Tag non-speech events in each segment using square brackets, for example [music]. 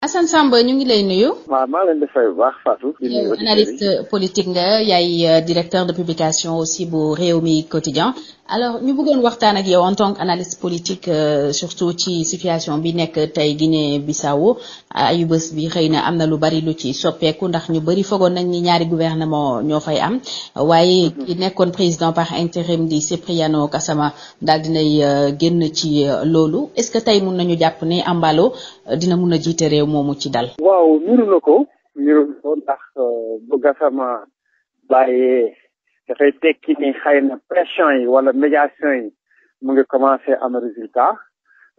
Assane Samb ñu ngi lay nuyu. waaw maa analyste politique nga yaay euh, directeur de publication aussi bu Rewmi Quotidien alors ñu bëggoon waxtaan ak yow en tant que analyste politique euh, surtout ci situation bi nekk tey Guinée Bissau ayu bés bi xëy na am na lu bari lu ci soppeeku ndax ñu bari fogoon nañ ni ñaari gouvernement ñoo fay am waaye mhm. ki nekkoon président par intérim di Cipriano Kassama daal dinay euh, génn ci loolu est-ce que tey mun nañu jàpp ni Ambalo dina mun a jiite réew moomu ci dal. waaw niru na ko niru na ko ndax euh, bu Gassama bàyyee dafay tekki ni xëy na pression yi wala médiation yi mu ngi commencé am résultat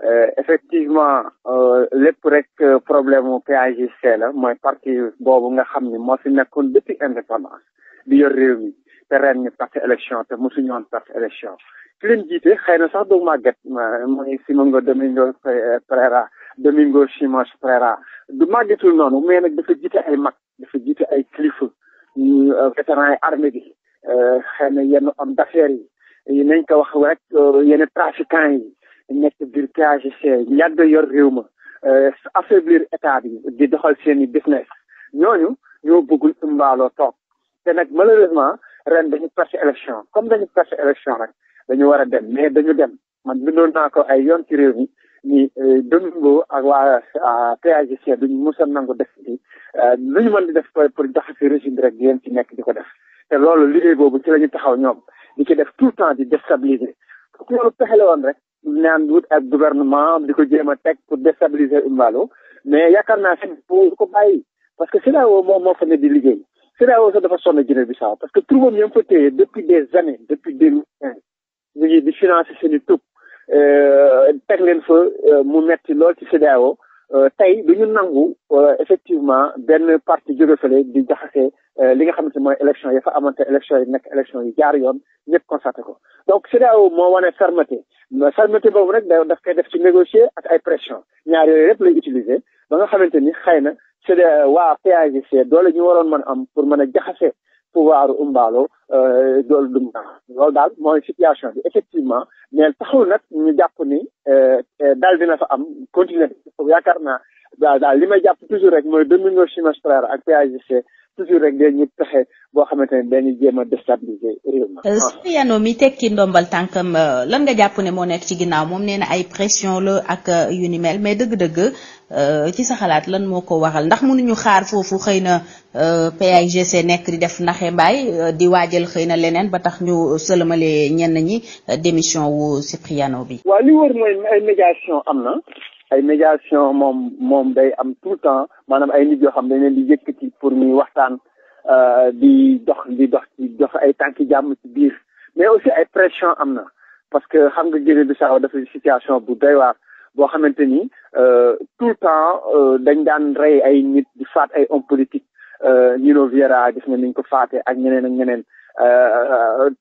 euh, effectivement euh, lépp rek problème mu PAGC la mooy parti boobu nga xam ni moo fi nekkoon depuis indépendance bi yor réew mi. te ren ñu perte élection te mosuñu woon perte élection ki leen jiite xëy na sax doomu màgget mooy Simango Domingo Pereira Domingo Simões Pereira du màggetul noonu mais nag dafa jiite ay mag dafa jiite ay kilifa ñu euh, vétéran yi bi euh, xëy na yenn am d'affaires yi nañ ko wax rek euh, yenn trafiquants yi nekk biir PAGC ñàgg yor réew ma affaiblir état bi di doxal seeni i business ñooñu ñoo bëggul umbaaloo toog te nag malheureusement ren dañu perte élection comme dañu perte élection rek dañu war a dem mais dañu dem man bindoon naa ko ay yoon ci réew mi ni euh, Domingo ak waa PAGC duñu mos a nangu def ci euh, lu mën di def pour jaxase régime bi rek di leen nekk di ko def te loolu liggéey boobu ci la ñu taxaw ñoom di ci def tout le temps di déstabiliser woon rek naan wut ak gouvernement di ko jéem a teg pour déstabiliser Umbalo mais yaakaar naa seen bu ko bàyyi parce que CEDEAO moom moo fa ne di liggéey CEDEAO sax dafa sonn Guinée Bissau parce que trouvam ñoom fa téye depuis des années depuis deux mille quinze ñu ngi euh, teg leen fa euh, mu metti lool ci CEDEAO euh, tey du ñu nangu effectivement benn parti jóge fële di jaxasee li nga xamante mooy élection yi fa amante élection yi nekk élection yi jaar yoon ñëpp constaté ko donc CEDEAO moo wane fermeté fermeté boobu nag daf koy def ci négocier ak ay pression ñaar yooyu yëpp lay utiliser ba nga xamante ni xëy na c' est waa PAGC doole ñu waroon mën am pour mën a jaxase pouvoir umbaalo euh, du dumba loolu daal mooy situation bi effectivement mais taxul nag ñu jàpp ni euh, euh, daal dina fa am continuer yaakaar naa daal daal li may jàpp toujours rek mooy Domingo Chimèse Pereira ak PAGC toujours rek dañuy pexe boo xamante ne dañuy jéem a réew mi. Euh, ah. Sufyano mi tekki ndombal tànkam euh, lan nga jàpp ne moo nekk ci ginnaaw moom nee na ay pression la ak euh, yu ni mel mais dëgg-dëgg ci sa xalaat lan moo ko waral ndax mënuñu xaar foofu xëy na PAIGC nekk di def naxe mbaay di waajal xëy na leneen ba tax ñu sëlëmale ñenn ñi démission wu Sufyano bi. waaw li wër mooy ay médiation am na. ay médiation moom moom day am tout le temps maanaam ay nit yoo xam dañ leen di yëkkati pour ñuy waxtaan euh, di dox di dox ci dox ay tànki jàmm ci biir mais aussi ay pression am na parce que xam nga Guinée Bissau dafa situation bu doy waar boo xamante ni euh, tout le temps euh, dañ daan rey ay nit di faat ay hommes politiques Nino Vieira gis nga niñ ko faate ak ñeneen ak ñeneen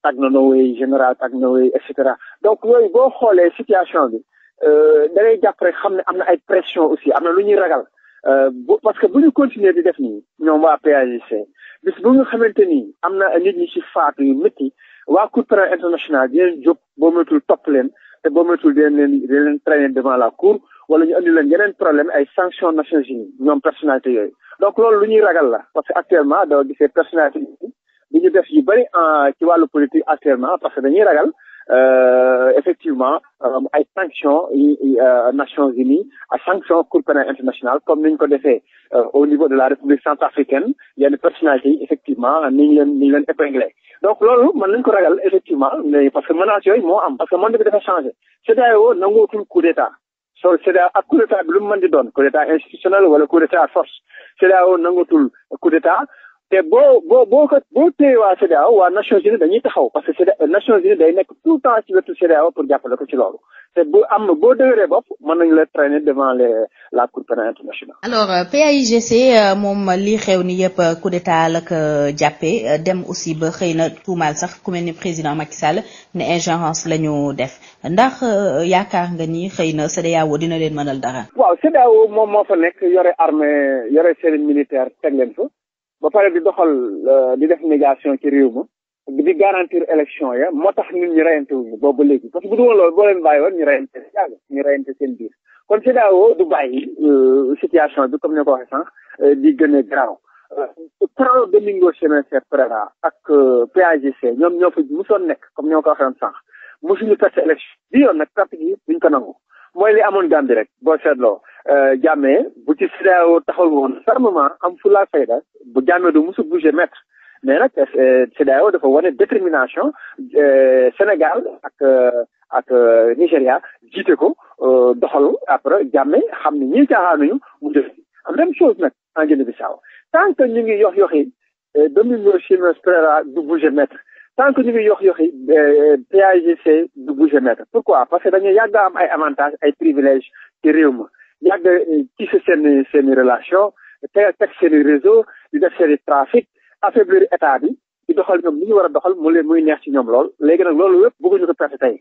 Tagnonoé général Tagnonoé et cetera donc yooyu boo xoolee situation bi Euh, da ngay jàpp rek xam ne am na ay pression aussi am na lu ñuy ragal euh, parce que bu ñu continuer di def nii ñoom waa PAGC bis bu nga xamante ni am na nit ñi ci faatu yu métti waa cour pénale internationale dinañ jóg boo moytul topp leen te boo moytul dinañ leen dinañ leen devant la cour wala ñu andi leen yeneen problème ay sanctions Nations Unies ñoom personnalité yooyu donc loolu lu ñuy ragal la parce que actuellement doo gisee personnalité yi di ñu def yu bëri ci wàllu politique actuellement parce que dañuy ragal Euh, effectivement euh, ay sanctions yi euh, Nations Unies ak sanctions Cour pénale internationale comme ni ñu ko defee au niveau de la République centrafricaine yenn personnalités yi effectivement ni ñu leen ni ñu leen épinglé donc loolu mën nañu ko ragal effectivement mais parce que menaces yooyu moo am parce que monde bi dafa changé CEDEAO nangootul coup d'état so CEDEAO ak coup d'état bi lu mu mën di doon coup d'état institutionnel wala coup d'état force CEDEAO nangootul coup d'état te boo boo boo ko boo téye waa CEDEAO waa Nations Unies dañuy taxaw parce que CEDEAO Nations Unies day nekk tout temps ci wetu CEDEAO pour jàppale ko ci loolu te bu am boo dëgëree bopp mën nañu la traîner devant la Cour pénale internationale. alors euh, PAIGC euh, moom li xew ni yëpp euh, coup d'état la ko jàppee dem aussi ba xëy na tuumaal sax ku mel ni président Macky Sall ne ingérence la ñu def ndax yaakaar nga ni xëy na CEDEAO dina leen mënal dara. waaw CEDEAO moom moo fa nekk yore militaire teg leen fa. ba pare di doxal euh, di def médiation ci réew ma di garantir élection ya moo tax nit ñi reyante wuñu boobu léegi parce que bu du loolu boo leen bàyyi woon ñu reyante yàgg ñu reyante seen biir kon CEDEAO du bàyyi euh, situation bi comme ni ko waxee sànq euh, di gën a garaaw Trao Domingo Semacer Pereira ak PAGC ñoom ñoo fa nekk comme ni ko waxee sànq mosuñu perte élection bi yoon nag parti yi duñ ko nangu mooy li amoon Gambie rek boo seetloo Euh, jàmmee bu ci CEDEAO taxaw woon fermement am fulla fayda bu jàmmee du musu bouger mètre mais nag euh, CEDEAO dafa wane détermination euh, Sénégal ak ak Nigéria jiite ko doxalu après jàmme xam ni ñii caaxaanuñu mu def même chose nag en Guinée-Bissau tant que ñu ngi yox yoxi Domingos Simões Pereira du bouger mètre tant que ñu ngi yox yoxi PAGC du bouger mètre pourquoi parce que dañuy yàgg am ay avantages ay privilèges ci réew ma yàgg euh, tissé seen seen i relation te teg seen i réseau di def seen i trafic affaiblir bi di doxal ñoom li ñu war a doxal mu leen muy neex ci ñoom lool léegi nag loolu yëpp bëgguñu ko perte tey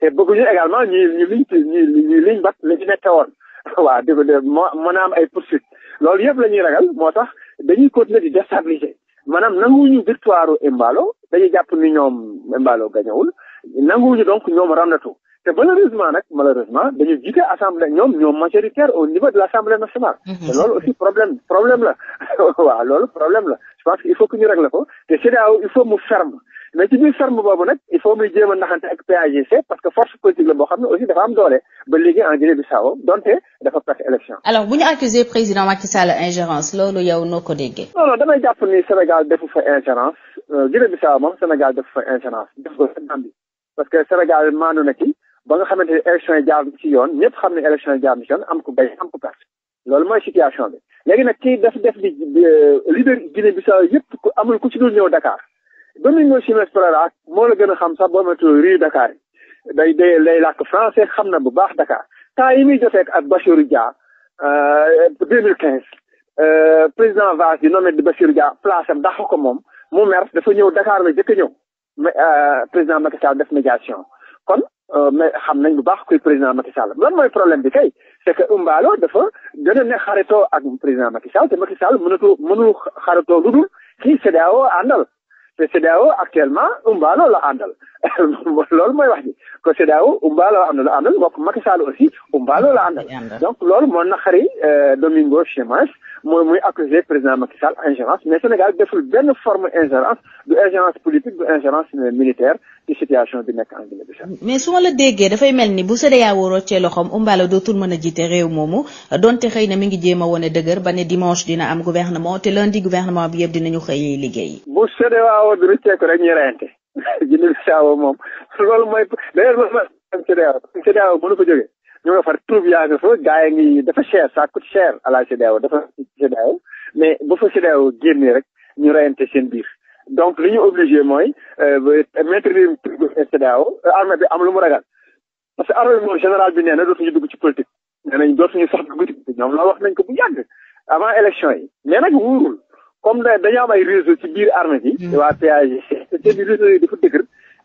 te bëgguñu également ñuy ñu liñ ñu ñu liñ bat la ñu nekk woon [laughs] waaw dégg moo mën a am ay poursuite loolu yëpp la ñuy ragal moo tax dañuy na di déstabiliser maanaam nanguwuñu victoire u Embalo dañuy jàpp ni ñoom Embalo gañewul nanguwuñu donc ñoom Ramnatu te malheureusement nag malheureusement dañu jiite assemblée ñoom ñoom majoritaire au niveau de l' nationale. Mhm. loolu aussi problème problème la [laughs] waaw loolu problème la je pense que il faut que ñu réglé ko te CEDEAO il faut mu ferme mais ci biir ferme boobu nag il faut muy jéem a naxante ak PAGC parce que force politique la boo xam ne aussi dafa am doole ba léegi en Guinée-Bissau donte dafa perte élection. alors bu ñu accusé président Macky Sall ingérence loolu yow Sénégal defu fa ingérence euh, Guinée-Bissau moom Sénégal defu fa ingérence def ko Gambie parce que Sénégal maandu na ba nga xamante ne élection yi jaar ci yoon ñëpp xam ne élection yi jaar ci yoon am ko gañ am ko perte loolu mooy situation bi léegi nag kii def def bi euh, leader Guinée Bissau yëpp ku amul ku ci dul ñëw Dakar Domingo Simes Pereira moo la gën a xam sax boo matul riu Dakar yi day day lay làkk français xam na bu baax Dakar temps yi muy joteek ak Bachirou Dia 2015 euh, euh, président Wade di nommé di Bachirou Dia place am dax ko moom mu mer dafa ñëw Dakar la jëkk a ñëw président Macky Sall def médiation kon euh, mais xam nañ bu baax kuy président Macky Sall lan mooy problème bi pa c'est que Umbalo dafa gën a ne xaritoo ak président Macky Sall te Macky Sall mënatu mënul xaritoo lu dul kii CEDEAO àndal te CEDEAO actuellement Umbalo la àndal [laughs] loolu mooy wax ji COSEDAO Umbalo la àndal mbokk Macky Sall aussi Umbalo la àndal donc loolu moo naqari euh, Domingo Chemins mooy muy accusé président Macky Sall mais Sénégal deful benn forme ingérence du ingérence politique du ingérence militaire ci situation bi nekk en Guinée-Bissau mais su ma la déggee dafay mel ni bu CEDEAO roccee loxoom Umbalo dootul mën a jiite réew moomu donte xëy na mi ngi jéem a wone dëgër ba ne dimanche dina am gouvernement te lundi gouvernement bi yëpp dinañu xëyee liggéey bu CEDEAO bi rocceeku rek [laughs] jënd bi saawa moom loolu mooy d'ailleurs loolu mooy CEDEAO CEDEAO mënu ko jógee ñu nga far yaa nga fa gars yi ngi dafa cher ça coûte cher à la dafa mais ba fa CEDEAO génnee rek ñu reyante seen biir donc li ñu obligé mooy maître bi CEDEAO armée bi am lu mu ragal parce que armée bi moom général bi nee na dootuñu dugg ci politique nee nañ dootuñu sax dugg ci ñoom loolu wax nañ ko bu yàgg avant élection yi mais nag wuurul comme dañoo am ay réseau ci biir armée bi. Mm. waa PAG te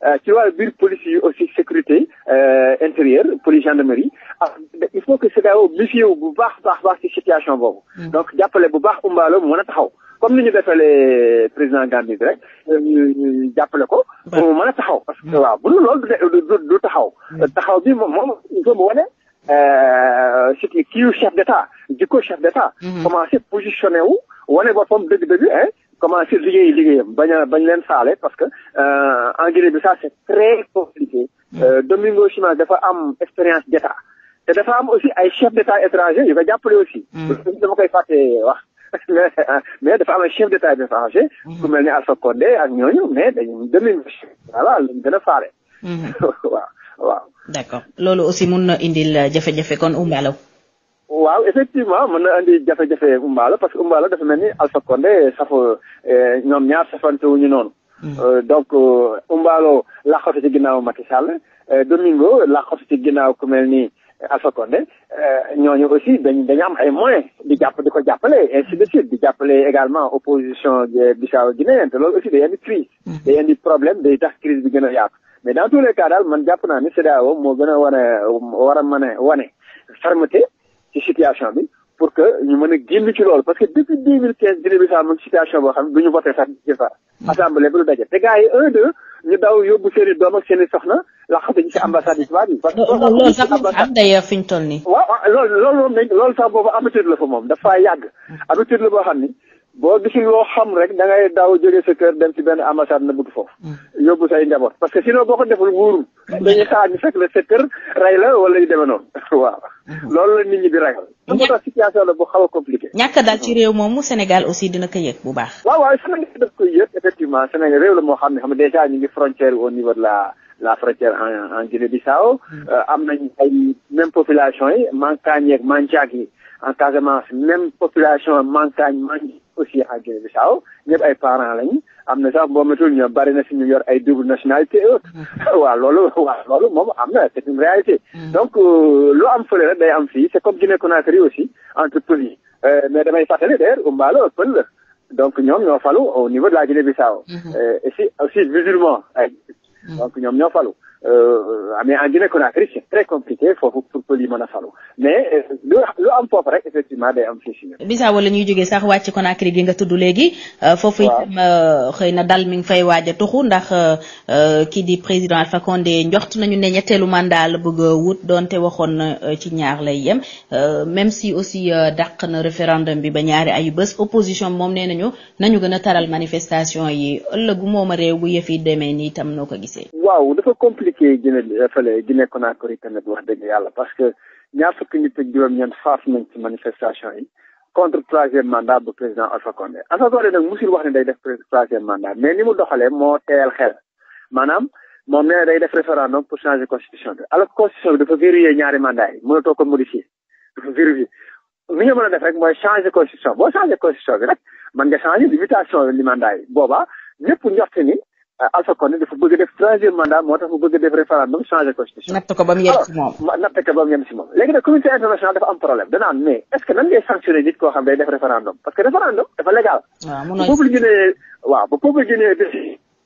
euh, ci wàllu biir police aussi sécurité euh, intérieure police gendarmerie ah il faut que CEDEAO méfie wu bu baax baax baax ci situation boobu. Mm. donc jàppale bu baax Umbalo mu mën a taxaw. comme ni ñu defalee président Gambie bi rek euh, jàppale ko. mu mën a taxaw parce que mm. waaw bu dul loolu du taxaw. taxaw bi moom il faut mu wane. Euh, c'était kii chef d'État jikko chef d'État mhm. commencé positionné wu wane boppam dëgg-dëgg hein commencé liggéey liggéeyam bañ bañ leen saale parce que euh, en Guinée bi ça c'est très compliqué mhm. euh, Domingo Chimane dafa am expérience d'État te dafa am aussi ay chef d'État étranger yu ko jàppale aussi mhm. dama koy fàtte wax [laughs] mais dafa am ay chef d'État étranger ku mel ni Alpha ak ñooñu mais dañu Domingo Chimane voilà lañ gën a faale [laughs] waaw waaw. d'accord loolu aussi mun na indil euh, jafe-jafe kon umbaalaw. waaw effectivement mën na andi jafe-jafe umbaalaw parce que umbaalaw dafa mel ni Alpha Condé safa eh, ñoom ñaar safante wuñu noonu. Hmm. Euh, donc euh, umbaalaw laqatu ci ginnaaw Macky Sall Domingo laqatu ci ginnaaw ku mel ni Alpha Condé ñooñu aussi dañ dañu am ay moyens di jàpp di ko jàppale ainsi de suite di jàppale également opposition Bissau Guinéenne te loolu aussi day indi crise hmm. day indi problème day tax crise bi gën a yaatu mais dans tous les cas daal man jàpp naa ni CEDEAO moo gën a wane war a mën a wane fermeté ci situation bi pour que ñu mën a ci loolu parce que depuis deux mille quinze Guinée-Bissau mu situation boo xam ne du ñu voté sax ci fa hmm. assemblée bi lu daje te gars yi un ñu daw yóbbu seen i doom ak seen la soxna laxatu ñu ci ambassade yi tubaab yi. parce que loolu sax am d'ailleurs fi ñu toll nii. waaw loolu loolu moom loolu sax boobu habitude la fa moom dafa yàgg hmm. habitude la boo xam ni. boo gisul loo xam rek da ngay daaw jóge sa dem ci benn ambassade na bëgg foofu. Mm. yóbbu say njaboot parce que sinon boo ko deful wóorul. Mm. dañuy xaar ñu fekk la sa kër rey la wala yu demee noonu [laughs] waaw. Mm. loolu la nit ñi di ragal. ñàkk tax situation la bu xaw compliqué. ñàkk daal ci réew moomu Sénégal aussi dina ko yëg bu baax. waaw waaw Sénégal daf koy yëg effectivement Sénégal réew la moo xam ne xam ne dèjà ñu ngi frontière au niveau de la. la frontière en en Guinée-Bissau. Mm. Euh, am nañ ay même population yi Mancagne ak Mandiack yi en Casamance même population Mancagne Mandiack aussi en Guinée-Bissau ñëpp ay parents lañ am na sax mboomatul ñoom bari na si ñu yor ay double nationalité et mm. autres [laughs] waaw loolu waaw loolu moom am na c'est une réalité. Mm. donc euh, lu am fële rek day am fii c'est comme Guinée Conakry aussi entre pël yi euh, mais damay fàttali d'ailleurs Umbalo pël la donc ño ñoo falu au niveau de la Guinée-Bissau. Mm-hmm. et si aussi musulman donc ñoom ñoo falu Euh, mais en Guinée Conakry c'est très compliqué foofu pour pël lu am foofu rek effectivement day am jógee sax wàcc Conakry gi nga tudd léegi. Euh, foofu itam euh, xëy na dal mi ngi fay waaj a tuxu ndax kii di président Alpha Condé njoxt nañu ne ñetteelu mandat la bëgg wut donte waxoon na ci ñaar lay yem même si aussi dàq na référendum bi ba ñaari ayu bés opposition moom nee nañu nañu gën a taral manifestation yi ëllëgu moom a réew bu yëf yi demee nii itam noo ko gisee. waaw dafa compliqué. ci Guinée fële Guinée Conakry yi tamit wax dëgg yàlla parce que ñaar fukki nit ak juróom-ñeent faatu nañ ci manifestation yi contre troisième mandat bu président Alpha Condé Alpha Condé nag wax ne day def troisième mandat mais ni mu doxalee moo teyal xel maanaam moom nee day def référendum pour changer constitution bi alors constitution bi dafa verrouiller ñaari mandat yi mënatoo ko modifier dafa verrouiller li nga mën a def rek mooy changer constitution boo changer constitution bi rek mën nga changer Euh, Alpha Condé dafa bëgg def troisième mandat moo tax mu bëgg def référendum changé constitution. natt ko ba mu yem si moom natt ko ba mu yem si moom. léegi nag communauté dafa am problème danaan mais est ce que nan ngay sanctionné nit koo xam day def référendum parce que référendum dafa légal. waaw mun peuple guinéen waaw bu peuple guinéen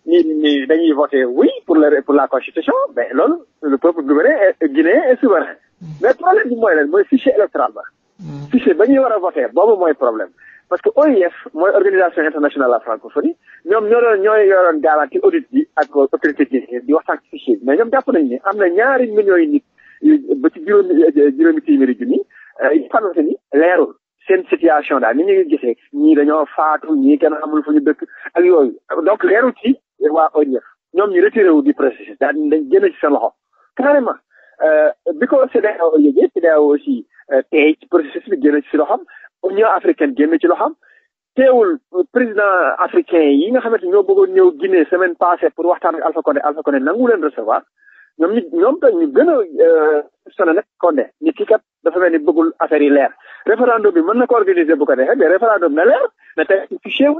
ni ni dañuy voté oui pour la pour la constitution mais loolu lool peuple guinéen guinéen est e mais problème bi mooy leen mooy fichier électoral ba. Hmm. fichier ba ñuy war a voté boobu mooy problème. parce que OIF mooy organisation internationale de la francophonie ñoom ñoo doon ñooy yoroon garanti audit bi ak autorité bi di waxtaan ci fichier bi mais ñoom jàpp nañu ni am na ñaari mi yi nit ba ci juróomi juróomi téeméeri junni euh, yi xamante ni leerul seen situation daal ni ñu ngi gisee ñii dañoo faatu ñii kenn amul fu ñu dëkk ak yooyu donc leerul ci waa OIF ñoom ñu retiré wu di processus daal dañ génn ci seen loxo carrément euh, bi ko CEDEAO yëgee CEDEAO aussi euh, tey ci processus Union africaine génn ci loxoom teewul président africain yi nga xamante ñoo bëggoon ñëw Guinée semaine passée pour waxtaan ak Alpha Condé Alpha Condé nangu leen recevoir ñoom ñoom tam ñu gën a euh, sonné nag Condé ni kii kat dafa mel ni bëggul affaire yi leer référendum bi mën na ko organiser bu ko defee mais référendum na leer na tey fichier wu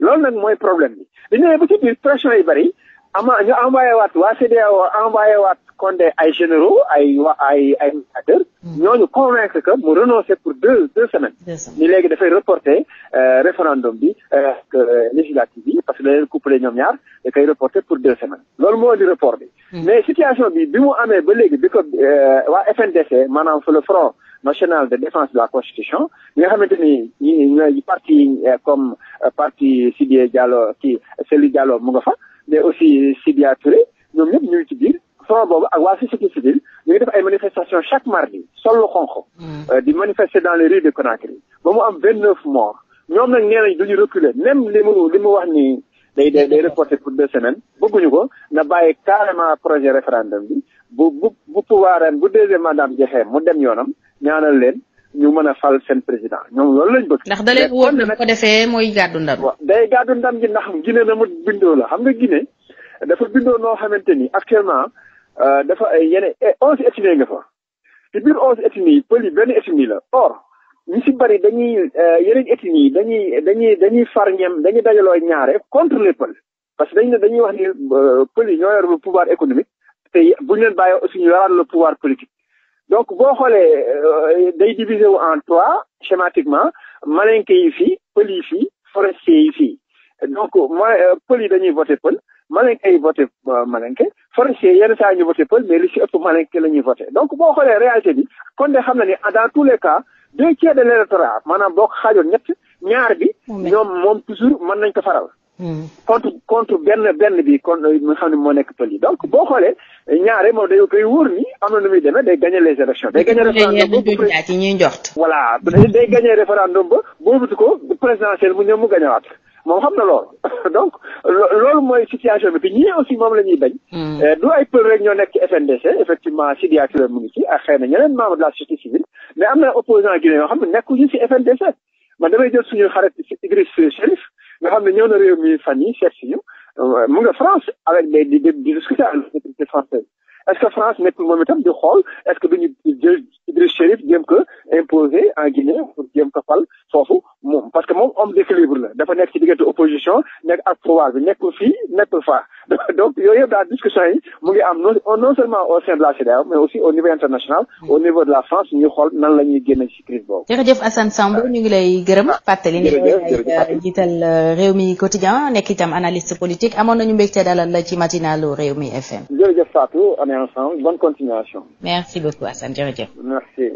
na nag mooy problème bi. dañu ne ba ci biir yi bari ama ñu envoyé waat waa CEDEAO envoyé waat Condé ay généraux ay waa ay ay médiateurs hmm. ñooñu convaincre que mu renoncer pour deux deux semaines ni léegi dafay reporter euh, référendum bi euh, ak législative bi parce que daleen couplé ñoom ñaar da koy reporter pour deux semaines loolu moo di report bi hmm. mais situation bi bi mu amee ba léegi bi ko euh, waa FNDC maanaam fa le front national de défense de la constitution bi nga xamante ni ñi ñooy parti comme parti Sidibé Diallo ci Cellou Diallo mu nga fa mais aussi Sidya Touré ñoom ñëpp ñu ngi ci biir front boobu ak waa société civile ñu ngi def ay manifestations chaque mardi sollu xonq mm. euh, di manifester dans les rues de Conakry ba mu am vingt neuf morts ñoom nag nee ñi du ñu reculer même li mu li mu wax ni day day day reporté pour de semaines bëgguñu ko na bàyyi carrément projet référendum bi bu bu bu pouvoir bu deuxième mandat jeexee mu dem yoonam ñaanal leen ñu mën a fal seen président ñoom loolu lañ bëgg. ndax da lay wóor na ko defee mooy gàddu ndam. waaw day gàddu ndam gi ndax Guinée na mu bindoo la xam nga Guinée dafa bindoo noo xamante nii actuellement euh, dafa ay yeneen e, onze ethnies nga fa ci biir onze ethnies yi pël yi benn ethnie la or ñu si bëri dañuy euh, yeneen ethnies yi dañuy dañuy dañuy far ñem dañuy dajaloo ñaare contre les pël parce que dañu ne dañuy wax ni euh, pël yi ñoo yor le pouvoir économique te bu ñu leen bàyyee aussi ñu yoraat le donc boo xoolee euh, day diviser wu en trois schématiquement malinke yi fii pël yi fii forestier yi fii donc ma euh, pël yi dañuy voté pël malinke yi voté euh, malinke forestier yenn saa ñu voté pël mais li ci ëpp malinke la ñuy voté donc boo xoolee réalité bi kon de xam na ni dans tous les cas deux tiers de l'électorat maanaam boo ko xaajoon ñett ñaar bi ñoom moom toujours mën nañ ko faral contre contre benn benn bi kon euh, nga xam ne moo nekk pël yi donc boo xoolee ñaare moom dañoo koy wóor ni am na nu muy demee day gagné les élections. day gagné référendum ba ci ñuy njort. voilà day gagné référendum ba boobutu ko présidentiel mu ñëw mu gañawaat moom xam na loolu [laughs] donc loolu mooy situation bi te ñii aussi moom la ñuy bañ. Hmm. Euh, du ay pël rek ñoo nekk ci FNDC effectivement Sidya mu ngi ci ak xëy na ñeneen membre la société civile mais am na opposant Guinée yoo xam ne nekkuñu ci FNDC man damay jël suñu xarit Idriss Chérif. nga xam ne ñëw na réew mi fan yi seet si ñu euh, mu nga France avec des di di discuter ak l'autorité française est-ce que France nekkul moom itam di xool est-ce que duñu jël Idriss Chérif jéem ko imposer en Guinée pour jéem ko fal foofu moom parce que moom homme d'équilibre la dafa nekk ci diggante opposition nekk ak pouvoir bi nekkul fii nekkul faa [laughs] donc yooyu yëpp daal discussion yi mu ngi am non seulement au sein de la CEDEAO mais aussi au niveau international mm. au niveau de la France ñu xool nan la ñuy génne ci crise boobu. jërëjëf Assane Samb ñu ngi lay gërëm ah, fàttali ni yaay euh, jiital euh, réew mi quotidien nekk itam analyste politique amoon nañu mbégte dalal la ci matinalu réew mi FM. jërëjëf Fatou on est ensemble bonne continuation. merci beaucoup Assane jërëjëf. merci.